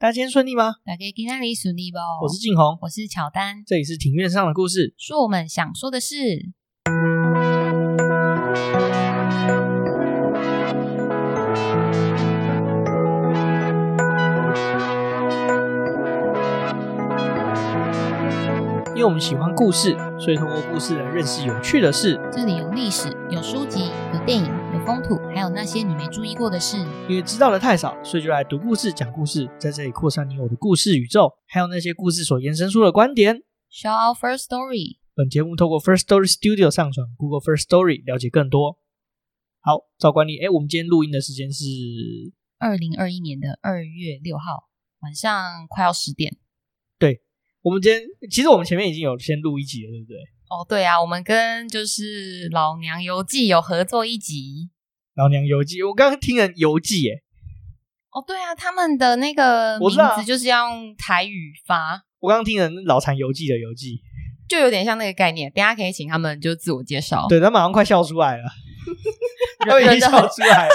大家今天順利嗎？大家今天順利不？我是靜紅，我是喬丹，這裡是庭院上的故事，說我們想說的事。因為我們喜歡故事，所以通過故事來認識有趣的事。這裡有歷史，有書籍，有電影。風土，還有那些你沒注意過的事，因為知道的太少，所以就來讀故事、講故事，在這裡擴散你我的故事宇宙，還有那些故事所延伸出的觀點。Show our first story。本節目透過 First Story Studio 上傳 Google First Story，了解更多。好，照慣例，哎、欸，我們今天錄音的時間是二零二一年的二月六號晚上快要十點。對，我們今天其實我們前面已經有先錄一集了，對不對？哦，對啊，我們跟就是老娘腰子有合作一集。老娘腰子，我剛剛聽人腰子，耶。哦，對啊，他們的那個名字就是要用台語發。我，啊、我剛剛聽人腦殘腰子的腰子，就有點像那個概念，等下可以請他們就自我介紹。對，他馬上快笑出來了，都 人 已經笑出來了，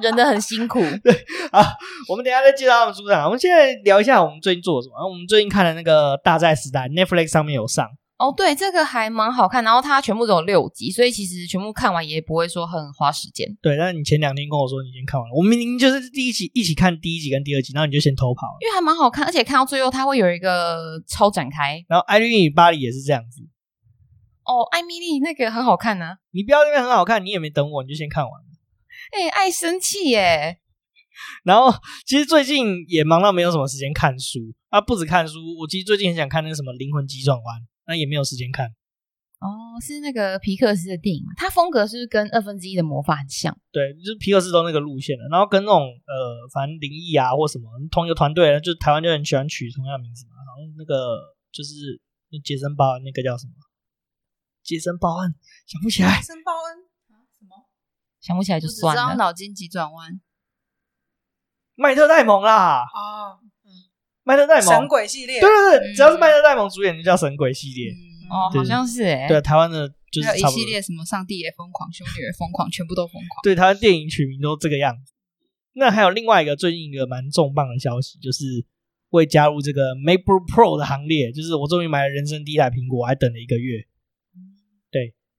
忍的，的很辛苦。 對啊，我們等一下再介紹他們出場。我們現在聊一下我們最近做什麼。我們最近看了那個《大債時代》，Netflix 上面有上。哦，oh, 對，這個還蠻好看。然後它全部都有六集，所以其實全部看完也不會說很花時間。對，但你前兩天跟我說你已經看完了，我明明就是第一集一起看第一集跟第二集，然後你就先偷跑了，因為還蠻好看，而且看到最後它會有一個超展開。然後《艾米麗與巴黎》也是這樣子。哦，《艾米麗》那個很好看呢、啊。你不要因為很好看，你也沒等我，你就先看完哎、欸，愛生氣耶、欸。然後其實最近也忙到沒有什麼時間看書啊，不止看書，我其實最近很想看那個什麼《靈魂急轉彎》。那、啊、也沒有時間看，哦，是那個皮克斯的電影嘛？它風格是不是跟二分之一的魔法很像？對，就是皮克斯都那個路線的，然後跟那種呃，反正靈異啊或什麼，同一個團隊，就台灣就很喜歡取同樣名字嘛。好像那個就是那傑森·鮑恩，那個叫什麼？傑森·鮑恩想不起來，傑森·鮑恩啊，什麼想不起來就算了，知道腦筋急轉彎，麥特戴蒙啦啊。哦。麥特戴蒙神鬼系列，對對對，嗯、只要是麥特戴蒙主演就叫神鬼系列、嗯、對哦，好像是哎，對，台灣的就是一系列什麼上帝也瘋狂，兄弟也瘋狂，全部都瘋狂。對，他的電影取名都這個樣子。那還有另外一個最近一個蠻重磅的消息，就是會加入這個 MacBook Pro 的行列，就是我終於買了人生第一台蘋果，我還等了一個月。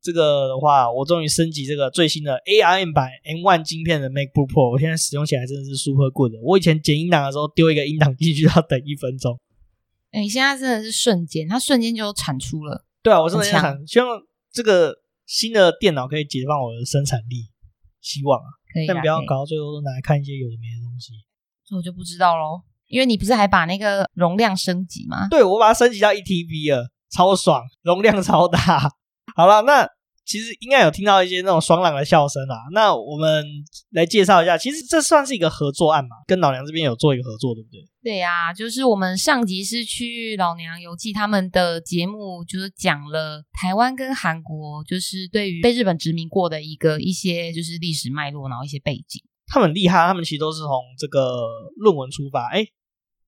這個的話，我終於升級這個最新的 ARM 版 M1 晶片的 MacBook Pro，我現在使用起來真的是 super good。我以前剪音檔的時候丟一個音檔進去要等一分鐘，誒現在真的是瞬間，它瞬間就產出了。對啊，我是想，想很強，希望這個新的電腦可以解放我的生產力，希望啊。可以啊，但不要搞到最後都拿來看一些有的沒的東西。這我就不知道嘍，因為你不是還把那個容量升級嗎？對，我把它升級到一 TB 了，超爽，容量超大。好了，那其實應該有聽到一些那種爽朗的笑聲啊。那我們來介紹一下，其實這算是一個合作案嘛，跟老娘這邊有做一個合作，對不對？對呀、啊，就是我們上集是去老娘腰子他們的節目，就是講了台灣跟韓國，就是對於被日本殖民過的一個一些就是歷史脈絡，然後一些背景。他們很厲害，他們其實都是從這個論文出發。誒，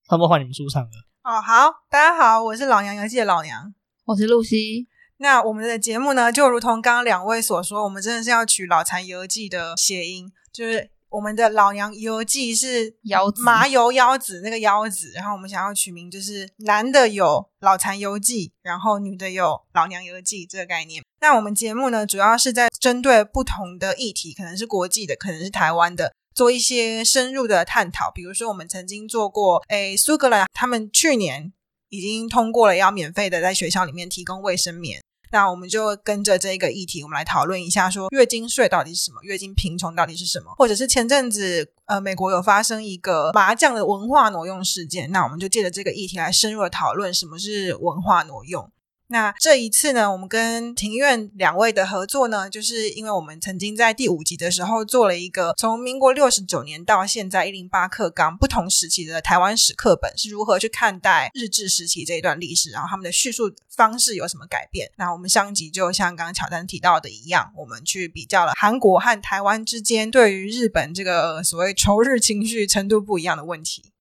他們換你們出場了。哦，好，大家好，我是老娘腰子的老娘，我是露西。那我們的節目呢，就如同剛剛兩位所說，我們真的是要取“老殘遊記”的諧音，就是我們的“老娘腰子”是腰，麻油腰子，腰子那個腰子，然後我們想要取名就是男的有“老殘遊記”，然後女的有“老娘腰子”這個概念。那我們節目呢，主要是在針對不同的議題，可能是國際的，可能是台灣的，做一些深入的探討。比如說，我們曾經做過，哎，蘇格蘭他們去年已經通過了要免費的在學校裡面提供衛生棉。那我們就跟着這個議題，我們來討論一下，說月經稅到底是什麼，月經貧窮到底是什麼，或者是前陣子呃美國有發生一個麻將的文化挪用事件，那我們就借着這個議題來深入的討論什麼是文化挪用。那這一次呢，我們跟庭院兩位的合作呢，就是因為我們曾經在第五集的時候做了一個從民國六十九年到現在一零八課綱不同時期的台灣史課本是如何去看待日治時期這一段歷史，然後他們的敘述方式有什麼改變。那我們上集就像剛剛喬丹提到的一樣，我們去比較了韓國和台灣之間對於日本這個所謂仇日情緒程度不一樣的問題。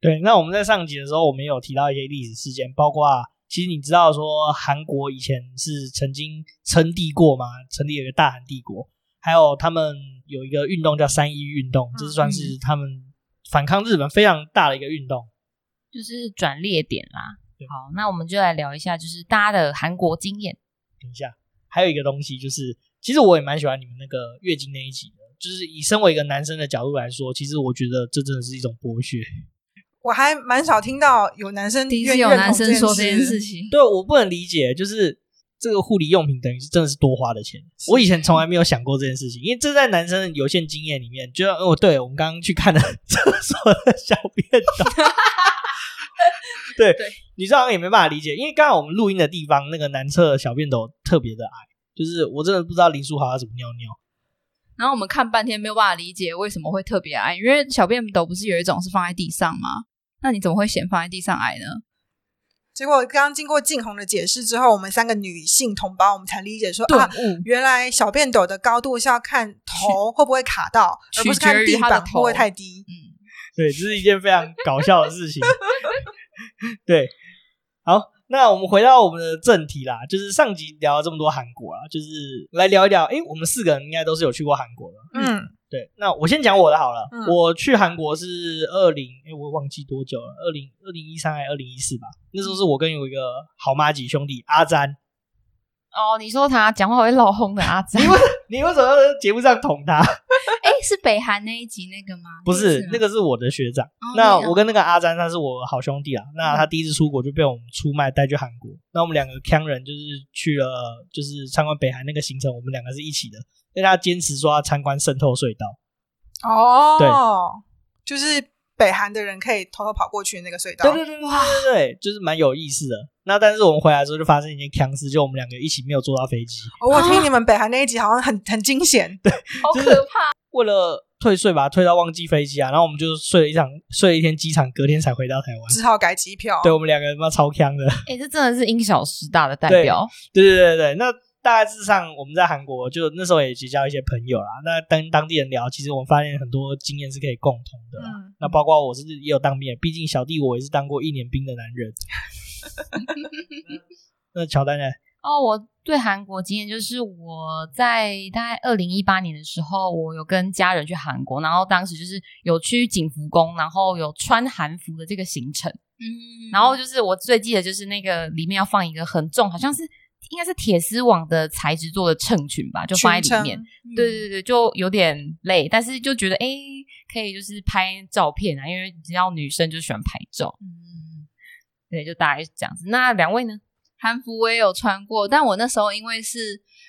對，那我們在上集的時候，我們有提到一些歷史事件，包括。其實你知道說韓國以前是曾經稱帝過嗎？成立了一個大韓帝國，還有他們有一個運動叫三一運動，這算是他們反抗日本非常大的一個運動，嗯、就是轉捩點啦。對好，那我們就來聊一下，就是大家的韓國經驗。等一下，還有一個東西就是，其實我也蠻喜歡你們那個月經那一集的，就是以身為一個男生的角度來說，其實我覺得這真的是一種剝削。我還蠻少聽到有男生有男生說這件事情。對，我不能理解，就是這個護理用品等於是真的是多花的錢。我以前從來沒有想過這件事情，因為這在男生有限經驗裡面，就哦，對，我們剛剛去看了廁所的小便斗， 對，你知道也沒辦法理解，因為剛好我們錄音的地方那個男廁小便斗特別的矮，就是我真的不知道林書豪要怎麼尿尿。然後我們看半天沒有辦法理解為什麼會特別矮，因為小便斗不是有一種是放在地上嗎？那你怎麼會嫌放在地上矮呢？結果剛經過靜紅的解釋之後，我們三個女性同胞我們才理解說對啊，嗯、原來小便斗的高度是要看頭會不會卡到，取而不是看地板會不會太低。嗯，對，這是一件非常搞笑的事情。 對。那我們回到我們的正題啦，就是上集聊了這麼多韓國啦、啊，就是來聊一聊。誒，我們四個人應該都是有去過韓國的。嗯，對。那我先講我的好了。我去韓國是二零，誒，我忘記多久了。二零二零一三還是二零一四吧？那時候是我跟有一個好麻吉兄弟阿詹。哦，你說他講話會漏風的阿詹？ 你為什麼要在節目上捅他？哎， 是北韓那一集那個嗎？不是，是嗎那個是我的學長。哦，那我跟那個阿詹，哦，他是我好兄弟啊。嗯，那他第一次出國就被我們出賣帶去韓國。嗯，那我們兩個坑人，就是去了，就是參觀北韓那個行程，我們兩個是一起的。但他堅持說要參觀滲透隧道。哦，對，就是。北韓的人可以偷偷跑過去那個隧道，對對對對對對，哇，就是蠻有意思的。那但是我們回來之後就發生一件強事，就我們兩個一起沒有坐到飛機。哦、我聽你們北韓那一集好像很很驚險，啊、對，好可怕。為了退稅，把它退到忘記飛機啊，然後我們就睡了一場，睡了一天機場，隔天才回到台灣，只好改機票。對，我們兩個人嘛超強的。哎，這真的是因小失大的代表。對對對對對，那。大致上，我們在韓國就那時候也結交一些朋友啦。那跟當地人聊，其實我們發現很多經驗是可以共通的。嗯、那包括我是也有當兵的，畢竟小弟我也是當過一年兵的男人。嗯、 那喬丹呢？哦，我對韓國經驗就是我在大概二零一八年的時候，我有跟家人去韓國，然後當時就是有去景福宮，然後有穿韓服的這個行程。嗯，然後就是我最記得就是那個裡面要放一個很重，好像是。應該是鐵絲網的材質做的襯裙吧，就放在裡面。嗯、對對對，就有點累，但是就覺得誒、欸、可以就是拍照片啊，因為只要女生就喜歡拍照。嗯對，就大概是這樣子。那兩位呢？韓服我也有穿過，但我那時候因為是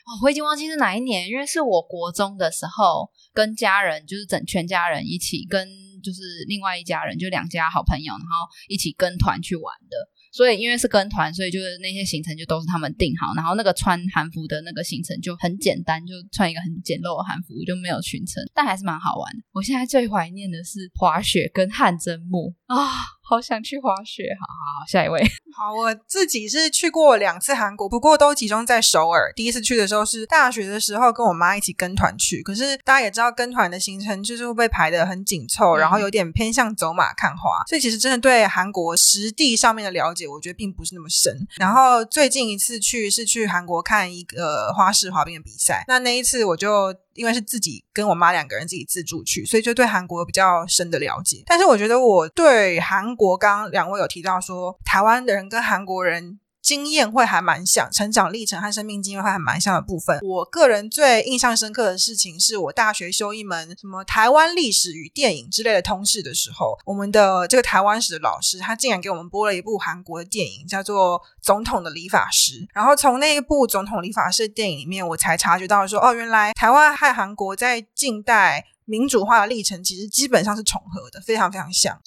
哦，我已經忘記是哪一年，因為是我國中的時候，跟家人就是整全家人一起，跟就是另外一家人，就兩家好朋友，然後一起跟團去玩的。所以，因為是跟團，所以就是那些行程就都是他們定好。然後，那個穿韓服的那個行程就很簡單，就穿一個很簡陋的韓服，就沒有全程，但還是蠻好玩的。我現在最懷念的是滑雪跟汗蒸幕。啊，oh, 好想去滑雪！好，好好，下一位。好，我自己是去過兩次韓國，不過都集中在首爾。第一次去的時候是大學的時候，跟我媽一起跟團去。可是大家也知道，跟團的行程就是會被排得很緊湊，然後有點偏向走馬看花，嗯、所以其實真的對韓國實地上面的了解，我覺得並不是那麼深。然後最近一次去是去韓國看一個、呃、花式滑冰的比賽。那那一次我就。因為是自己跟我媽兩個人自己自助去，所以就對韓國有比較深的了解。但是我覺得我對韓國，剛剛兩位有提到說台灣人跟韓國人。經驗會還蠻像，成長歷程和生命經驗會還蠻像的部分。我個人最印象深刻的事情，是我大學修一門什麼台灣歷史與電影之類的通識的時候，我們的這個台灣史的老師，他竟然給我們播了一部韓國的電影，叫做《總統的理髮師》。然後從那一部《總統理髮師》的電影裡面，我才察覺到說，哦，原來台灣和韓國在近代民主化的歷程其實基本上是重合的，非常非常像。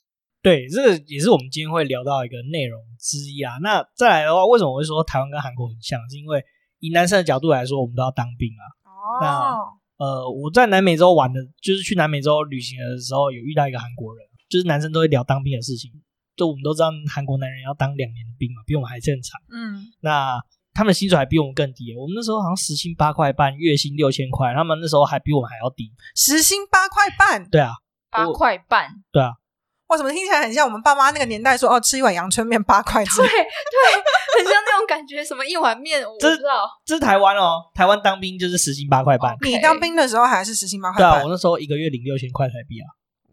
對，這個也是我們今天會聊到一個內容。之一啊，那再來的話，為什麼我會說台灣跟韓國很像？是因為以男生的角度來說，我們都要當兵啊。哦、oh.，那呃，我在南美洲玩的，就是去南美洲旅行的時候，有遇到一個韓國人，就是男生都會聊當兵的事情。就我們都知道，韓國男人要當兩年的兵嘛，比我們還正常。嗯、mm.，那他們的薪水還比我們更低、欸。我們那時候好像時薪八塊半，月薪六千塊，他們那時候還比我們還要低，時薪八塊半。對啊，八塊半。對啊。為什麼聽起來很像我們爸媽那個年代說哦，吃一碗陽春麵八塊錢？對對，很像那種感覺。 什麼一碗麵？我不知道這，這是台灣哦。台灣當兵就是時薪八塊半。Okay 你當兵的時候還是時薪八塊半？對啊，我那時候一個月領六千塊台幣啊。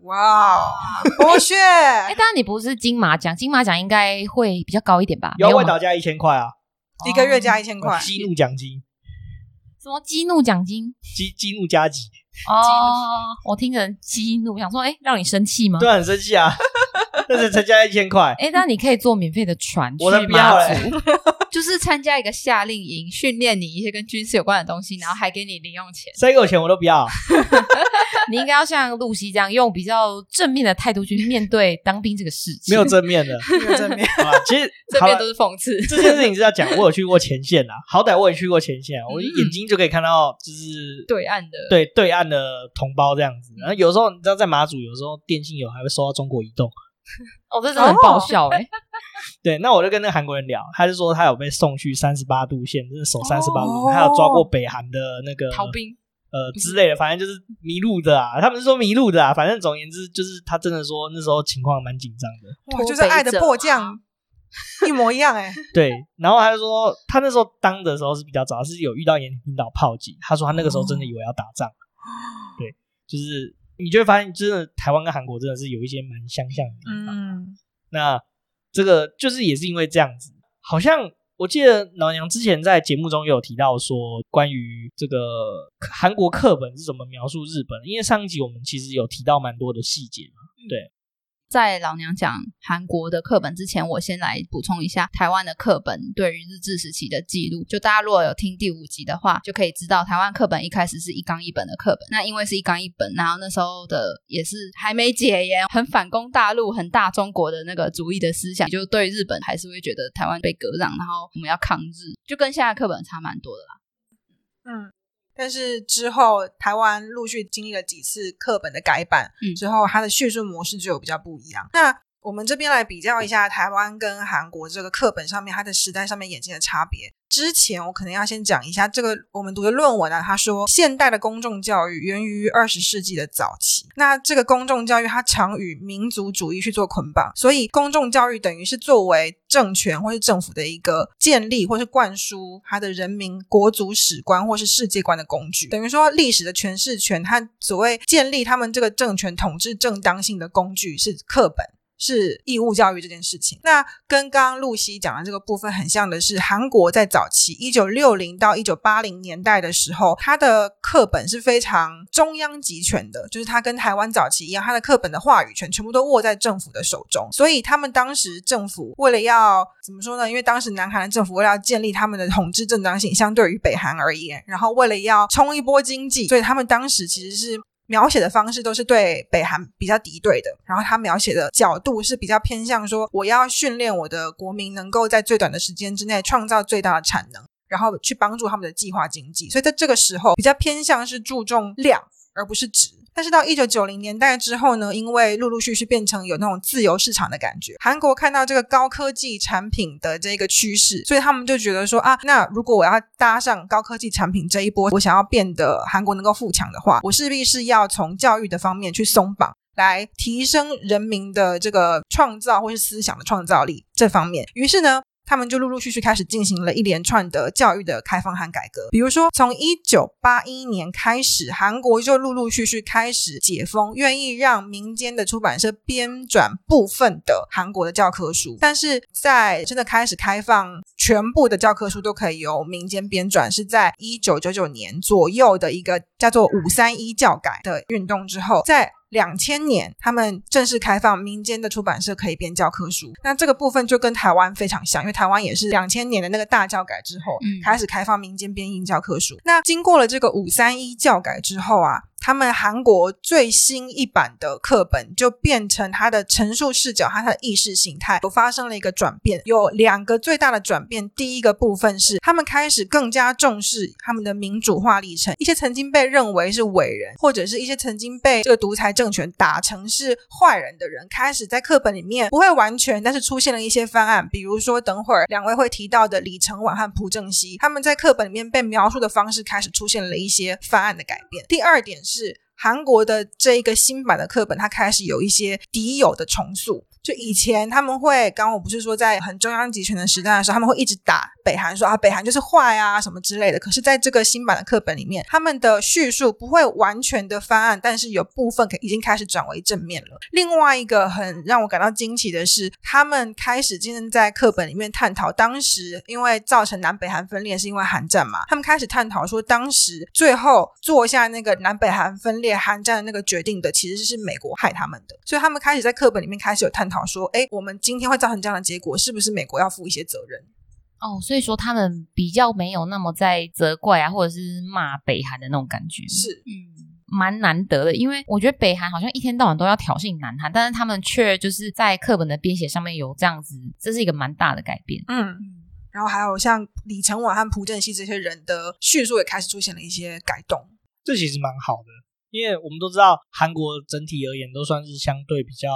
哇、wow，剝削！哎、欸，當然、 欸、你不是金馬獎，金馬獎應該會比較高一點吧？有外島加一千塊啊，哦、一個月加一千塊、哦。激怒獎金？什麼激怒獎金？激激怒加急。哦，我聽成激怒，我想說，哎、欸，讓你生氣嗎？對，很生氣啊。 就是參加一千塊，哎，那你可以坐免費的船去馬祖，就是參加一個夏令營，訓練你一些跟軍事有關的東西，然後還給你零用錢。誰給我錢我都不要。你應該要像露西這樣，用比較正面的態度去面對當兵這個事情。沒有正面的，沒有正面啊，其實這邊都是諷刺。這件事情是要講，我有去過前線啊，好歹我也去過前線，我眼睛就可以看到就是對岸的對對岸的同胞這樣子。然後有時候你知道在馬祖，有時候電信有還會收到中國移動。哦，這真的很爆笑哎、欸！ 對，那我就跟那個韓國人聊，他就說他有被送去三十八度線，就是守三十八度，哦、他有抓過北韓的那個逃兵，呃之類的，反正就是迷路的啊。他們是說迷路的啊，反正總而言之就是他真的說那時候情況蠻緊張的，哇就是愛的迫降哇一模一樣哎、欸。 對，然後他就說他那時候當的時候是比較早，是有遇到延坪島炮擊，他說他那個時候真的以為要打仗，哦、對，就是。你就會發現，真的台灣跟韓國真的是有一些蠻相像的地方。嗯。那這個就是也是因為這樣子，好像我記得老娘之前在節目中有提到說，關於這個韓國課本是怎麼描述日本，因為上一集我們其實有提到蠻多的細節嘛，嗯。對。在老娘講韓國的課本之前，我先來補充一下台灣的課本對於日治時期的記錄。就大家如果有聽第五集的話，就可以知道台灣課本一開始是一綱一本的課本。那因為是一綱一本，然後那時候的也是還沒解嚴，很反攻大陸、很大中國的那個主義的思想，就對日本還是會覺得台灣被割讓，然後我們要抗日，就跟現在課本差蠻多的啦。嗯。但是之後，台灣陸續經歷了幾次課本的改版，嗯、之後它的敘述模式就有比較不一樣。那我們這邊來比較一下台灣跟韓國這個課本上面它的時代上面演進的差別。之前我可能要先講一下這個我們讀的論文啊，他說現代的公眾教育源於二十世紀的早期。那這個公眾教育它常與民族主義去做捆綁，所以公眾教育等於是作為政權或是政府的一個建立或是灌輸它的人民、國族史觀或是世界觀的工具，等於說歷史的詮釋權它所謂建立他們這個政權統治正當性的工具是課本。是義務教育這件事情，那跟剛剛露西講的這個部分很像的是，韓國在早期一九六零到一九八零年代的時候，他的課本是非常中央集權的，就是他跟台灣早期一樣，他的課本的話語權全部都握在政府的手中。所以他們當時政府為了要，怎麼說呢？因為當時南韓的政府為了要建立他們的統治正當性，相對於北韓而言，然後為了要衝一波經濟，所以他們當時其實是。描寫的方式都是對北韓比較敵對的，然後他描寫的角度是比較偏向說，我要訓練我的國民能夠在最短的時間之內創造最大的產能，然後去幫助他們的計劃經濟，所以在這個時候比較偏向是注重量而不是質。但是到一九九零年代之後呢，因為陸陸續續變成有那種自由市場的感覺，韓國看到這個高科技產品的這個趨勢，所以他們就覺得說啊，那如果我要搭上高科技產品這一波，我想要變得韓國能夠富強的話，我勢必是要從教育的方面去鬆綁，來提升人民的這個創造或是思想的創造力這方面。於是呢。他們就陸陸續續開始進行了一連串的教育的開放和改革，比如說從一九八一年開始，韓國就陸陸續續開始解封，願意讓民間的出版社編纂部分的韓國的教科書，但是在真的開始開放全部的教科書都可以由民間編纂，是在一九九九年左右的一個叫做“五三一教改”的運動之後，在。兩千年，他們正式開放民間的出版社可以編教科書，那這個部分就跟台灣非常像，因為台灣也是兩千年的那個大教改之後，嗯、開始開放民間編印教科書。那經過了這個五三一教改之後啊。他們韓國最新一版的課本就變成他的陳述視角和他的意識形態都發生了一個轉變，有兩個最大的轉變。第一個部分是他們開始更加重視他們的民主化歷程，一些曾經被認為是偉人或者是一些曾經被這個獨裁政權打成是壞人的人，開始在課本裡面不會完全，但是出現了一些翻案。比如說等會兒兩位會提到的李承晚和朴正熙，他們在課本裡面被描述的方式開始出現了一些翻案的改變。第二點是。是韓國的這一個新版的課本，它開始有一些敵友的重塑。就以前他們會，剛我不是說在很中央集權的時代的時候，他們會一直打北韓，說啊北韓就是壞啊什麼之類的。可是在這個新版的課本裡面，他們的敘述不會完全的翻案，但是有部分可已經開始轉為正面了。另外一個很讓我感到驚奇的是，他們開始竟然在課本裡面探討，當時因為造成南北韓分裂是因為韓戰嘛，他們開始探討說，當時最後做下那個南北韓分裂、韓戰的那個決定的，其實是美國害他們的。所以他們開始在課本裡面開始有探。討論說，哎，我們今天會造成這樣的結果，是不是美國要負一些責任？哦，所以說他們比較沒有那麼在責怪啊，或者是罵北韓的那種感覺，是，嗯，蠻難得的。因為我覺得北韓好像一天到晚都要挑釁南韓，但是他們卻就是在課本的編寫上面有這樣子，這是一個蠻大的改變。嗯，然後還有像李承晚和朴正熙這些人的敘述也開始出現了一些改動，這其實蠻好的。因為我們都知道，韓國整體而言都算是相對比較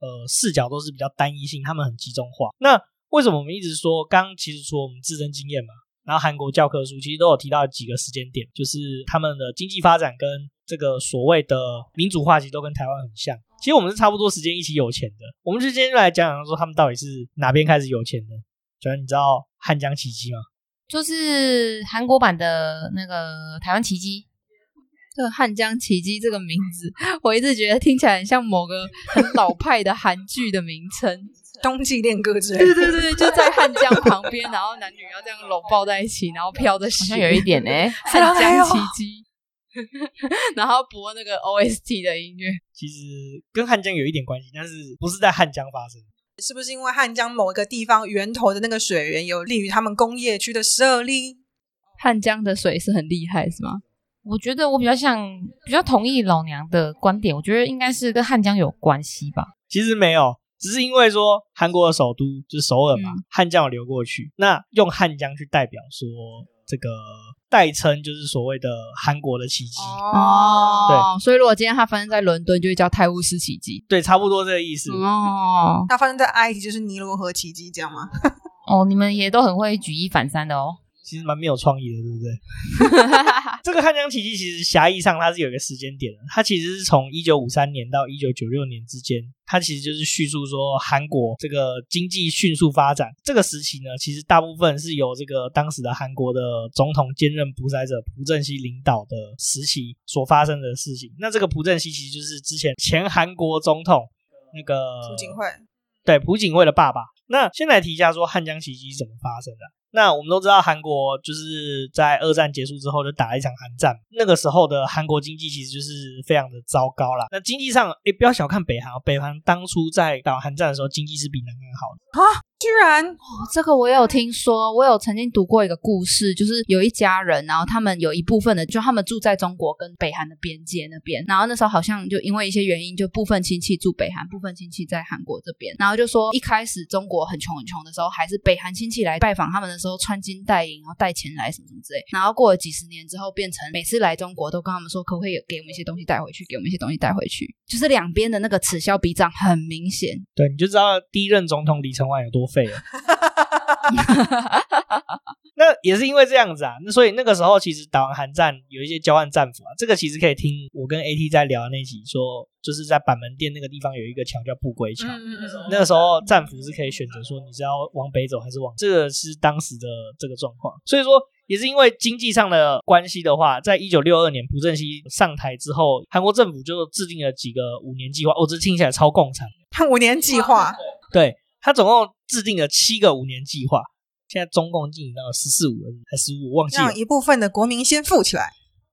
呃，視角都是比較單一性，他們很集中化，那為什麼我們一直說，剛剛其實說我們自身經驗嘛，然後韓國教科書其實都有提到幾個時間點，就是他們的經濟發展跟這個所謂的民主化，其實都跟台灣很像。其實我們是差不多時間一起有錢的，我們就今天就來講講說他們到底是哪邊開始有錢的。小安，你知道漢江奇蹟嗎？就是韓國版的那個台灣奇蹟。這個漢江奇蹟這個名字，我一直覺得聽起來很像某個很老派的韓劇的名稱，《 冬季戀歌》之類。對對對，就在漢江旁邊， 然後男女要這樣摟抱在一起，然後飄着雪，有一點呢。漢江奇蹟， 然後播那個 OST 的音樂。其實跟漢江有一點關係，但是不是在漢江發生的。是不是因為漢江某一個地方源頭的那個水源有利於他們工業區的設立？漢江的水是很厲害，是嗎？我覺得我比較像，比較同意老娘的觀點，我覺得應該是跟漢江有關係吧。其實沒有，只是因為說韓國的首都就是首爾嘛，嗯、漢江有流過去，那用漢江去代表說這個代稱，就是所謂的韓國的奇蹟哦。對，所以如果今天它發生在倫敦，就會叫泰晤士奇蹟。對，差不多這個意思哦。它發生在埃及就是尼羅河奇蹟，這樣嗎？ 哦，你們也都很會舉一反三的哦。其實蠻沒有創意的，對不對？ 這個《漢江奇蹟》其實狹義上它是有一個時間點的，它其實是從一九五三年到一九九六年之間，它其實就是敘述說韓國這個經濟迅速發展這個時期呢，其實大部分是由這個當時的韓國的總統兼任獨裁者朴正熙領導的時期所發生的事情。那這個朴正熙其實就是之前前韓國總統那個朴槿惠。對，朴槿惠的爸爸。那先來提一下，說漢江奇蹟怎麼發生的？那我們都知道，韓國就是在二戰結束之後就打了一場韓戰，那個時候的韓國經濟其實就是非常的糟糕啦。那經濟上，哎，不要小看北韓哦，北韓當初在打韓戰的時候，經濟是比南韓好的啊。居然，哦，這個我有聽說，我有曾經讀過一個故事，就是有一家人，然後他們有一部分的，就他們住在中國跟北韓的邊界那邊，然後那時候好像就因為一些原因，就部分親戚住北韓，部分親戚在韓國這邊，然後就說一開始中國很窮很窮的時候，還是北韓親戚來拜訪他們的時候，穿金戴銀，然後帶錢來什麼什麼之類，然後過了幾十年之後，變成每次來中國都跟他們說，可不可以給我們一些東西帶回去，給我們一些東西帶回去，就是兩邊的那個此消彼長很明顯，對，你就知道第一任總統李承晚有多。廢廢了， 那也是因為這樣子啊。那所以那個時候，其實打完韓戰有一些交換戰俘啊，這個其實可以聽我跟 AT 在聊的那集說，就是在板門店那個地方有一個橋叫不歸橋。嗯、那個時候戰俘是可以選擇說你是要往北走還是往，這個是當時的這個狀況。所以說也是因為經濟上的關係的話，在一九六二年朴正熙上台之後，韓國政府就制定了幾個五年計劃。我、哦、這聽起來超共產的，看五年計劃對。他總共制定了七個五年計劃，現在中共進行到十四五還是還十五？我忘記了。讓一部分的國民先富起來，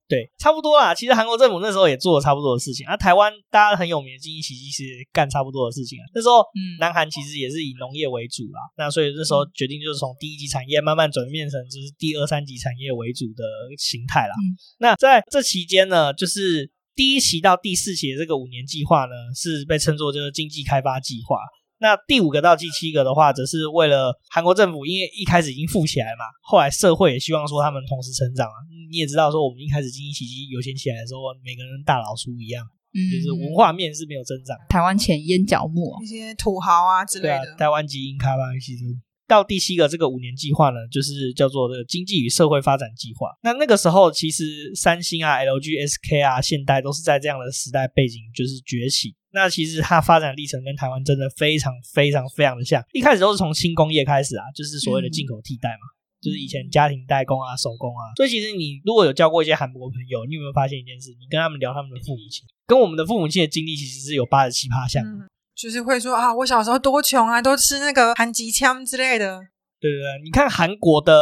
對，差不多啦。其實韓國政府那時候也做了差不多的事情。那、啊、台灣大家很有名的經濟奇蹟，其實幹差不多的事情啊。那時候，嗯，南韓其實也是以農業為主啦。嗯、那所以那時候決定就是從第一級產業慢慢轉變成就是第二、三級產業為主的形態啦。嗯、那在這期間呢，就是第一期到第四期的這個五年計劃呢，是被稱作就是經濟開發計劃。那第五個到第七個的話，則是為了韓國政府，因為一開始已經富起來嘛，後來社會也希望說他們同時成長啊、嗯。你也知道說，我們一開始經濟奇蹟有錢起來的時候，每個人大老粗一樣，嗯、就是文化面是沒有增長。台灣錢淹腳目那些土豪啊之類的。對啊、台灣基因卡巴其實到第七個這個五年計劃呢，就是叫做這個經濟與社會發展計劃。那那個時候，其實三星啊、LG、SK 啊、現代都是在這樣的時代背景，就是崛起。那其實它發展歷程跟台灣真的非常非常非常的像，一開始都是從輕工業開始啊，就是所謂的進口替代嘛，嗯、就是以前家庭代工啊、手工啊。所以其實你如果有交過一些韓國朋友，你有沒有發現一件事？你跟他們聊他們的父母親，跟我們的父母親的經歷，其實是有八十七趴像，就是會說啊，我小時候多窮啊，都吃那個韓吉槍之類的。對對對，你看韓國的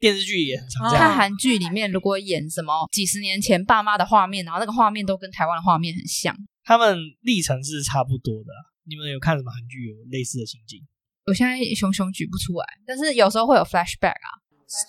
電視劇也很常見，看韓劇裡面如果演什麼幾十年前爸媽的畫面，然後那個畫面都跟台灣的畫面很像。他們歷程是差不多的，你們有看什麼韓劇有類似的情景？我現在熊熊舉不出來，但是有時候會有 flashback 啊，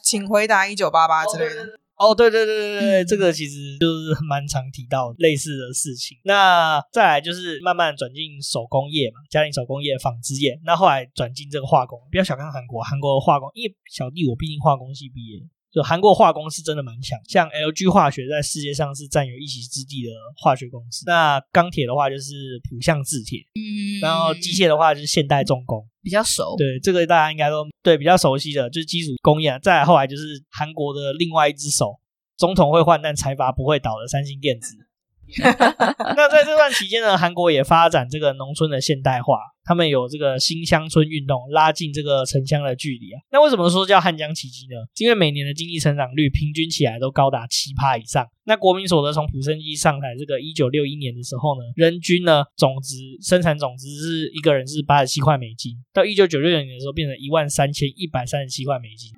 請回答一九八八之類的。哦對對對，哦，對對對對對，嗯。這個其實就是蠻常提到類似的事情。那再來就是慢慢轉進手工業嘛，家庭手工業、紡織業，那後來轉進這個化工。不要小看韓國，韓國的化工，因為小弟我畢竟化工系畢業。就韓國化工是真的蠻強，像 LG 化學在世界上是佔有一席之地的化學公司。那鋼鐵的話就是浦項製鐵，嗯，然後機械的話就是現代重工，比較熟。對，這個大家應該都對比較熟悉的，就是基礎工業。再來後來就是韓國的另外一隻手，總統會換，但財閥不會倒的三星電子。 那在這段期間呢，韓國也發展這個農村的現代化，他們有這個新鄉村運動，拉近這個城鄉的距離啊。那為什麼說叫漢江奇蹟呢？因為每年的經濟成長率平均起來都高達七趴以上。那國民所得從朴正熙上台這個一九六一年的時候呢，人均呢總值生產總值是一個人是八十七塊美金，到一九九六年的時候變成一萬三千一百三十七塊美金。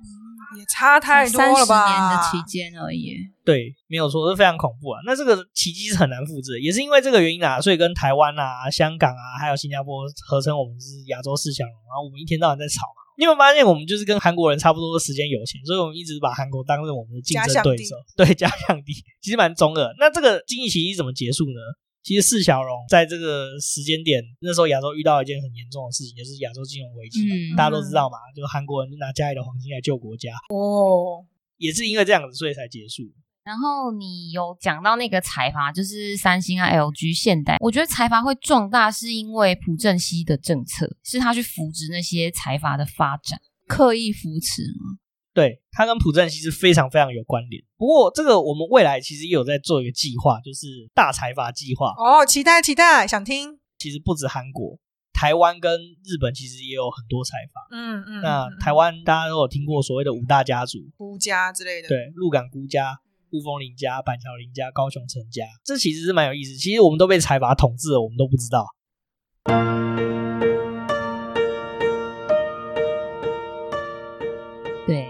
也差太多了吧。十、嗯、年的期間而已。對，沒有錯，這非常恐怖啊。那這個奇跡是很難複製，也是因為這個原因啊，所以跟台灣啊、香港啊，還有新加坡合稱，我們是亞洲四小龍。然後我們一天到晚在吵嘛，你有沒有發現我們就是跟韓國人差不多的時間有錢，所以我們一直把韓國當成我們的競爭對手。假想敵。對，假想敵，其實蠻中二。那這個經濟奇跡怎麼結束呢？其實四小龍在這個時間點，那時候亞洲遇到一件很嚴重的事情，就是亞洲金融危機。嗯，大家都知道嘛，就韓國人拿家裡的黃金來救國家。哦，也是因為這樣子，所以才結束。然後你有講到那個財閥，就是三星啊、LG、現代。我覺得財閥會壯大，是因為朴正熙的政策，是他去扶植那些財閥的發展，刻意扶持嗎？對他跟朴正熙其實非常非常有關聯。不過，這個我們未來其實也有在做一個計劃，就是大財閥計劃。哦，期待期待，想聽。其實不止韓國，台灣跟日本其實也有很多財閥。嗯嗯。嗯，那台灣大家都有聽過所謂的五大家族，辜家之類的。對，鹿港辜家、霧峰林家、板橋林家、高雄陳家，這其實是蠻有意思。其實我們都被財閥統治了，我們都不知道。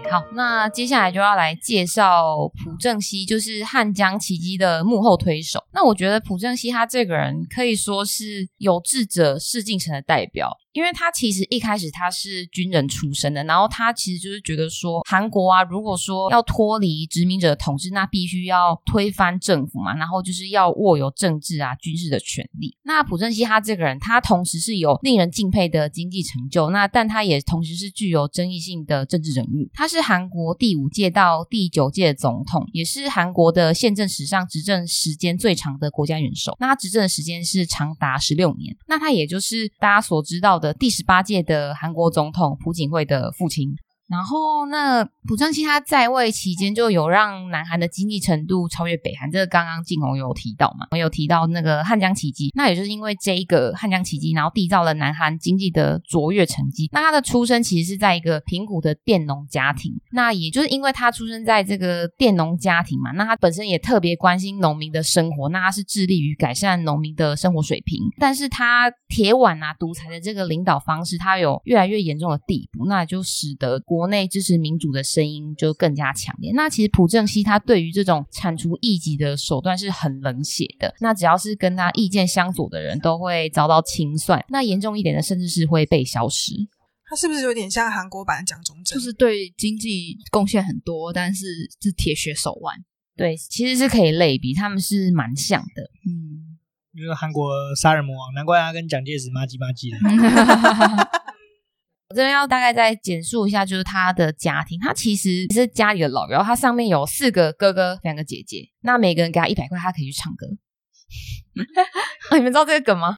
好，那接下來就要來介紹朴正熙，就是漢江奇蹟的幕後推手。那我覺得朴正熙他這個人，可以說是有志者事竟成的代表。因為他其實一開始他是軍人出身的，然後他其實就是覺得說，韓國啊，如果說要脫離殖民者的統治，那必須要推翻政府嘛，然後就是要握有政治啊、軍事的權力。那朴正熙他這個人，他同時是有令人敬佩的經濟成就，那但他也同時是具有爭議性的政治人物。他是韓國第五屆到第九屆的總統，也是韓國的憲政史上執政時間最長的國家元首。那他執政的時間是長達十六年，那他也就是大家所知道的。第十八屆的韓國總統朴槿惠的父親。然後，那朴正熙他在位期間，就有讓南韓的經濟程度超越北韓。這個剛剛晉紅有提到嘛？我有提到那個漢江奇蹟，那也就是因為這一個漢江奇蹟，然後締造了南韓經濟的卓越成績。那他的出生其實是在一個貧苦的佃農家庭，那也就是因為他出生在這個佃農家庭嘛，那他本身也特別關心農民的生活，那他是致力於改善農民的生活水平。但是他鐵腕啊，獨裁的這個領導方式，他有越來越嚴重的地步，那就使得。國內支持民主的聲音就更加強烈。那其實朴正熙他對於這種鏟除異己的手段是很冷血的。那只要是跟他意見相左的人都會遭到清算。那嚴重一點的，甚至是會被消失。他是不是有點像韓國版蔣中正？就是對經濟貢獻很多，但是是鐵血手腕。對，其實是可以類比，他們是蠻像的。嗯，因為韓國殺人魔王，難怪他跟蔣介石麻吉麻吉的。 這邊要大概再簡述一下，就是他的家庭，他其實是家裡的老幺，他上面有四個哥哥，兩個姐姐。那每個人給他一百塊，他可以去唱歌、 哦。你們知道這個梗嗎？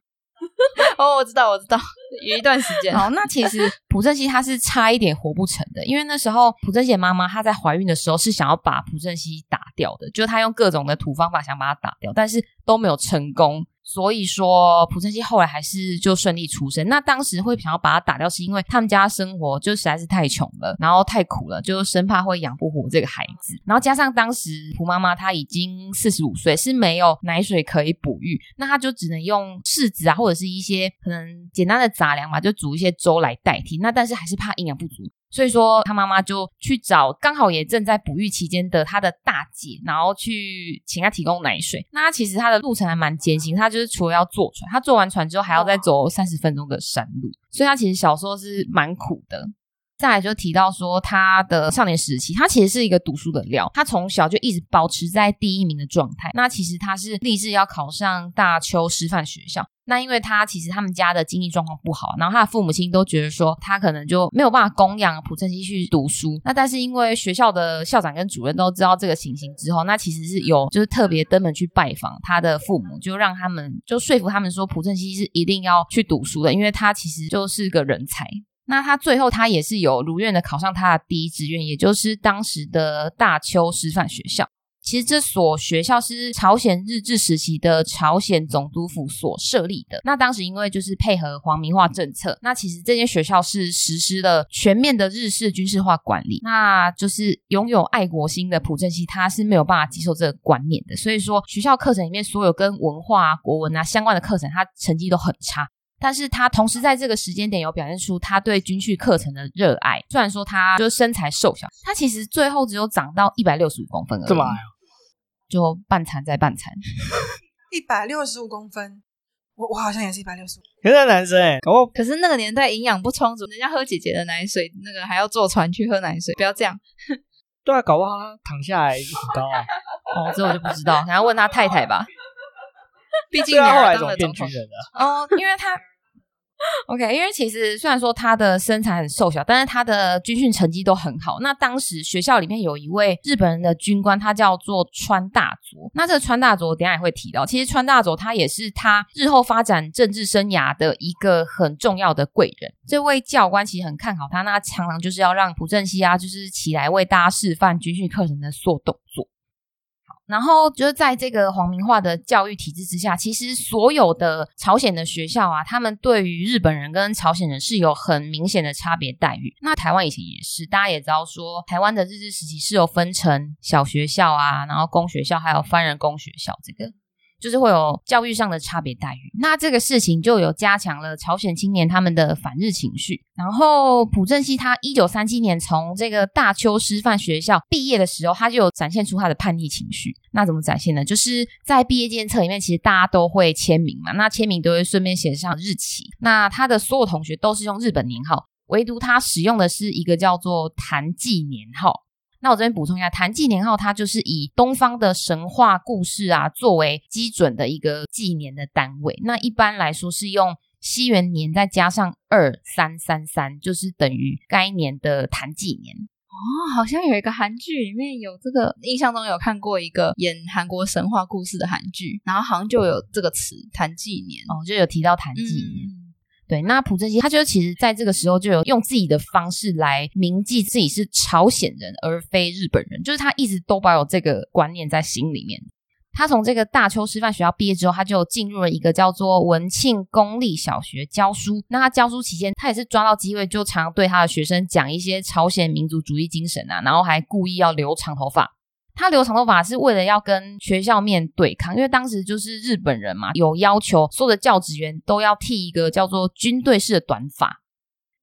哦，我知道，我知道， 有一段時間。 好，那其實朴正熙他是差一點活不成的，因為那時候朴正熙媽媽她在懷孕的時候是想要把朴正熙打掉的，就是他用各種的土方法想把他打掉，但是都沒有成功。所以說，朴正熙後來還是就順利出生。那當時會想要把他打掉，是因為他們家生活就實在是太窮了，然後太苦了，就生怕會養不活這個孩子。然後加上當時朴媽媽她已經四十五歲，是沒有奶水可以哺育，那她就只能用柿子啊，或者是一些可能簡單的雜糧吧，就煮一些粥來代替。那但是還是怕營養不足。所以說，他媽媽就去找剛好也正在哺育期間的他的大姐，然後去請她提供奶水。那她其實他的路程還蠻艱辛，他就是除了要坐船，他坐完船之後還要再走三十分鐘的山路，所以他其實小時候是蠻苦的。再來就提到說他的少年時期，他其實是一個讀書的料，他從小就一直保持在第一名的狀態。那其實他是立志要考上大邱師範學校。那因為他其實他們家的經濟狀況不好，然後他的父母親都覺得說他可能就沒有辦法供養朴正熙去讀書。那但是因為學校的校長跟主任都知道這個情形之後，那其實是有就是特別登門去拜訪他的父母，就讓他們就說服他們說朴正熙是一定要去讀書的，因為他其實就是個人才。那他最後他也是有如願的考上他的第一志願，也就是當時的大邱師範學校。其實這所學校是朝鮮日治時期的朝鮮總督府所設立的。那當時因為就是配合皇民化政策，那其實這些學校是實施了全面的日式軍事化管理。那就是擁有愛國心的朴正熙他是沒有辦法接受這個觀念的，所以說學校課程裡面所有跟文化啊，國文啊相關的課程，他成績都很差。但是他同時在這個時間點有表現出他對軍訓課程的熱愛。雖然說他就是身材瘦小，他其實最後只有長到一百六十五公分而已，麼就半殘在半殘。一百六十五公分，我我好像也是一百六十五。也男生哎、欸，哦、可是那個年代營養不充足，人家喝姐姐的奶水，那個還要坐船去喝奶水，不要這樣。 對啊，搞不好躺下來就很高啊。 哦，這我就不知道，想要問他太太吧。 畢竟你總、啊、後來那種變成人了哦，因為他。OK，因為其實雖然說他的身材很瘦小，但是他的軍訓成績都很好。那當時學校裡面有一位日本人的軍官，他叫做川大佐。那這個川大佐我等一下也會提到，其實川大佐他也是他日後發展政治生涯的一個很重要的貴人。這位教官其實很看好他，那常常就是要讓朴正熙啊，就是起來為大家示範軍訓課程的所有動作。然後就是在這個皇民化的教育體制之下，其實所有的朝鮮的學校啊，他們對於日本人跟朝鮮人是有很明顯的差別待遇。那台灣以前也是，大家也知道說，台灣的日治時期是有分成小學校啊，然後公學校，還有蕃人公學校這個。就是會有教育上的差別待遇，那這個事情就有加強了朝鮮青年他們的反日情緒。然後朴正熙他一九三七年從這個大邱師範學校畢業的時候，他就有展現出他的叛逆情緒。那怎麼展現呢？就是在畢業紀念冊裡面，其實大家都會簽名嘛，那簽名都會順便寫上日期。那他的所有同學都是用日本年號，唯獨他使用的是一個叫做檀紀年號。那我這邊補充一下，檀紀年號它就是以東方的神話故事啊作為基準的一個紀年的單位。那一般來說是用西元年再加上二三三三，就是等於該年的檀紀年。哦，好像有一個韓劇裡面有這個，印象中有看過一個演韓國神話故事的韓劇，然後好像就有這個詞“檀紀年”，哦，就有提到檀紀年。嗯對，那朴正熙，他就其實在這個時候就有用自己的方式來銘記自己是朝鮮人而非日本人，就是他一直都保有這個觀念在心裡面。他從這個大邱師範學校畢業之後，他就進入了一個叫做文慶公立小學教書。那他教書期間，他也是抓到機會就常對他的學生講一些朝鮮民族主義精神啊，然後還故意要留長頭髮。他留長頭髮是為了要跟學校面對抗，因為當時就是日本人嘛，有要求所有的教職員都要剃一個叫做軍隊式的短髮。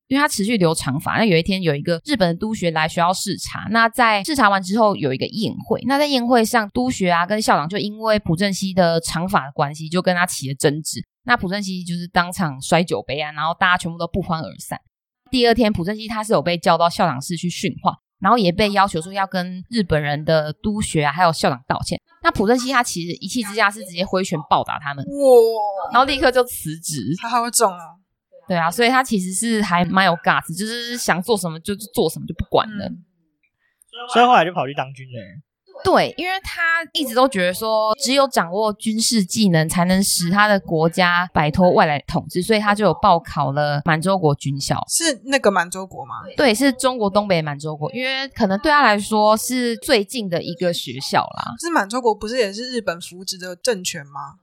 因為他持續留長髮，那有一天有一個日本的督學來學校視察，那在視察完之後有一個宴會，那在宴會上督學啊跟校長就因為朴正熙的長髮的關係，就跟他起了爭執。那朴正熙就是當場摔酒杯啊，然後大家全部都不歡而散。第二天，朴正熙他是有被叫到校長室去訓話。然後也被要求說要跟日本人的督學啊，還有校長道歉。那朴正熙他其實一氣之下是直接揮拳暴打他們，哇！然後立刻就辭職。好腫啊，對啊，對啊，所以他其實是還蠻有 gas，就是想做什麼就做什麼，就不管了，嗯。所以後來就跑去當軍人。對，因為他一直都覺得說，只有掌握軍事技能，才能使他的國家擺脫外來統治，所以他就有報考了滿洲國軍校。是那個滿洲國嗎？對，是中國東北滿洲國，因為可能對他來說是最近的一個學校啦。是滿洲國，不是也是日本扶植的政權嗎？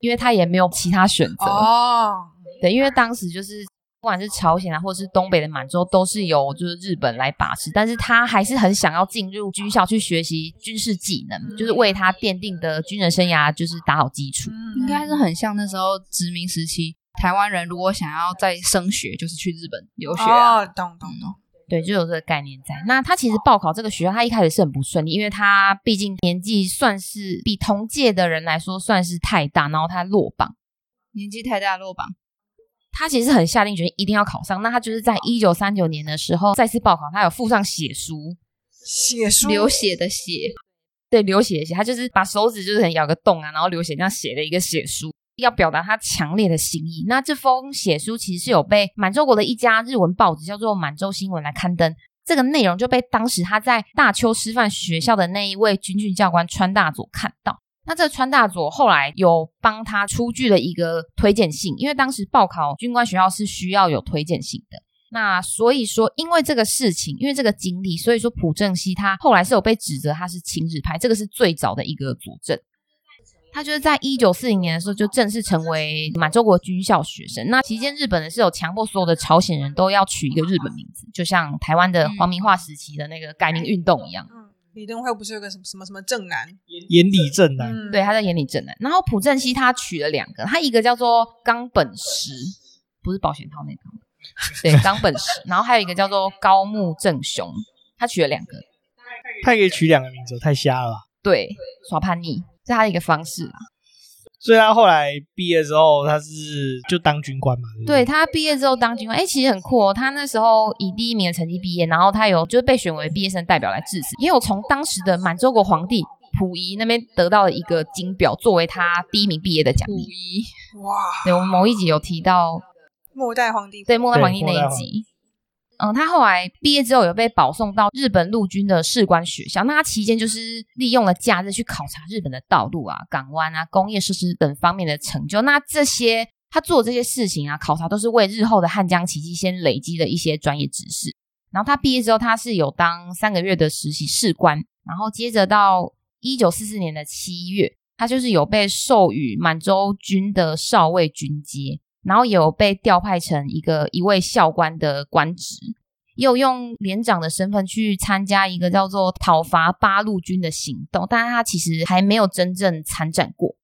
因為他也沒有其他選擇。哦，對，因為當時就是。不管是朝鮮啊，或者是東北的滿洲，都是由就是日本來把持。但是他還是很想要進入軍校去學習軍事技能，嗯、就是為他奠定的軍人生涯，就是打好基礎。嗯、應該是很像那時候殖民時期，台灣人如果想要再升學，就是去日本留學、啊。哦，懂懂懂。懂對，就有這個概念在。那他其實報考這個學校，他一開始是很不順利，因為他畢竟年紀算是比同屆的人來說算是太大，然後他落榜，年紀太大落榜。他其實很下定決心一定要考上，那他就是在一九三九年的時候再次報考，他有附上血書，血書流血的血，對流血的血，他就是把手指就是狠咬個洞啊，然後流血這樣寫了一個血書，要表達他強烈的心意。那這封血書其實是有被滿洲國的一家日文報紙叫做《滿洲新聞》來刊登，這個內容就被當時他在大邱師範學校的那一位軍訓教官川大佐看到。那這個川大佐後來有幫他出具了一個推薦信，因為當時報考軍官學校是需要有推薦信的。那所以說，因為這個事情，因為這個經歷，所以說朴正熙他後來是有被指責他是親日派，這個是最早的一個佐證。他就是在一九四零年的時候就正式成為滿洲國軍校學生。那期間，日本人是有強迫所有的朝鮮人都要取一個日本名字，就像台灣的皇民化時期的那個改名運動一樣。李登輝不是有個什麼什麼什麼正男眼裡，正男，演李正男，對，他在演李正男。然後朴正熙他娶了兩個，他一個叫做岡本實，不是保險套那張，對，岡本實。然後還有一個叫做高木正雄，他娶了兩個，他也可以娶兩個名字，太瞎了吧？對，耍叛逆，這是他的一個方式所以他後來畢業之後，他是就當軍官嘛，是不是？對，他畢業之後當軍官，哎，欸，其實很酷喔。他那時候以第一名的成績畢業，然後他有就是被選為畢業生代表來致辭，也有從當時的滿洲國皇帝溥儀那邊得到了一個金錶作為他第一名畢業的獎勵。溥儀，哇！對，我們某一集有提到末代皇帝，對，末代皇帝那一集。嗯，他後來畢業之後有被保送到日本陸軍的士官學校。那他期間就是利用了假日去考察日本的道路啊、港灣啊、工業設施等方面的成就。那這些，他做這些事情啊，考察都是為日後的漢江奇蹟先累積的一些專業知識。然後他畢業之後，他是有當三個月的實習士官。然後接着到一九四四年的七月，他就是有被授予滿洲軍的少尉軍階。然後也有被調派成一個一位校官的官職，又用連長的身份去參加一個叫做討伐八路軍的行動，但是他其實還沒有真正參戰過。